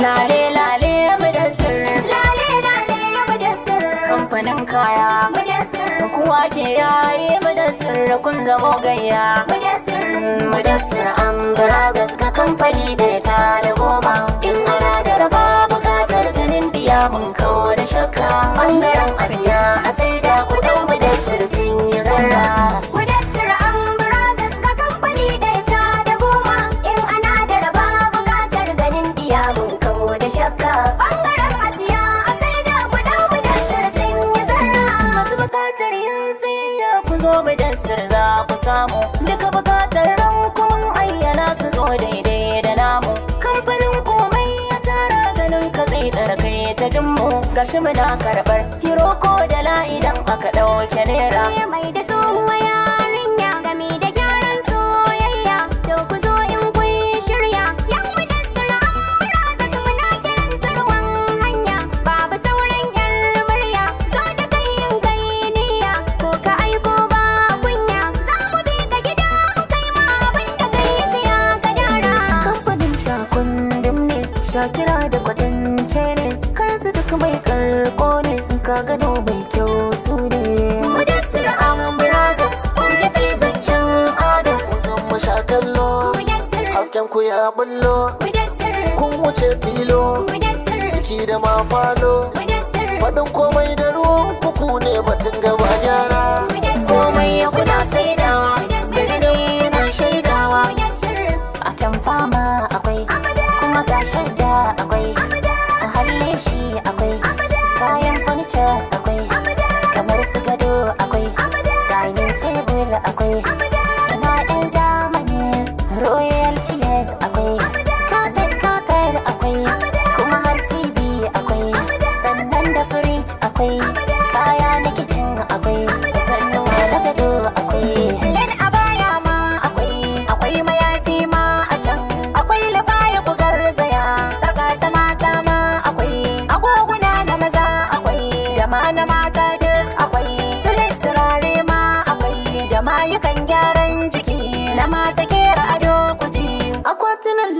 Lale lale mudassir Lale lale mudassir Kamfanin kaya mudassir Kowa ke yayi mudassir kun zamo gayya Mudassir Mudassir mm, an brazas ka kamfani da ta da goma In ana da raba bukatar ganin biya mun kawo da shakka Bangaren asiya a sai da kudin mudassir sun yi zarra kun zo za ku samu duka bukatar ranku mun ayyana su zo daidai da namu kamfanin komai ya tara ganin ka zai kai ta jinmu gashi muna karɓar hiro ko da la'idan aka ɗauke naira mai da tsohuwa Shakira da kwatance ne kansu duk mai karko ne ka gano mai kyau su ne mudassir amin brazos rufe zancen hasken ku ya bullo kun wuce tilo ciki da mafalo faɗin komai da ruwan kuku ne batun gaba gyara akwai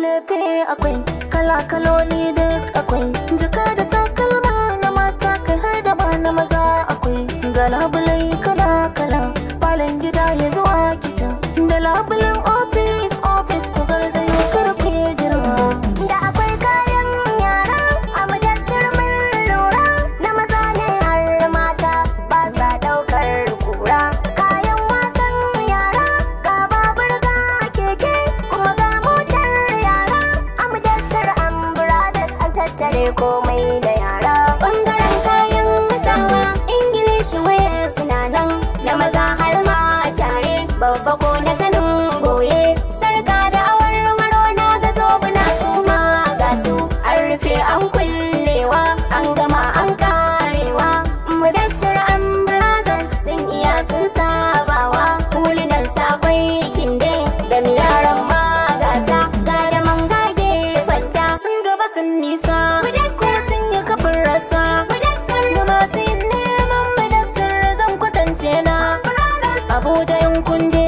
lefe akwai kala-kaloni duk akwai jika da takalma na mata kai har da ba na maza akwai ga ka. бегом abuja in kun je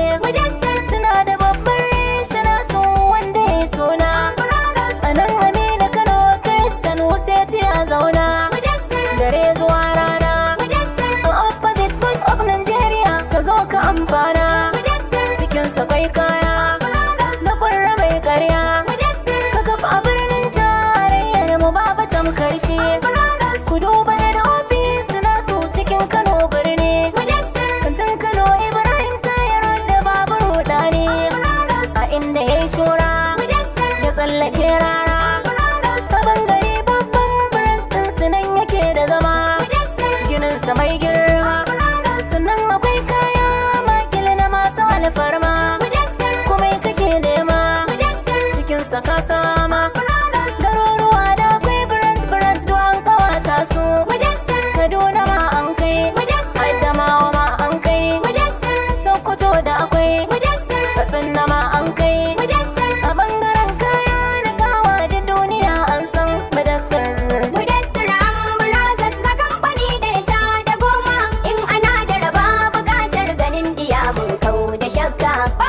suna da babban shana su wanda ya suna a nan amina kano kristan wuseti a zauna dare zuwa rana a opposite bus of nigeria ka zo ka amfana cikinsa kwai kaya kera rana. Murarin boca.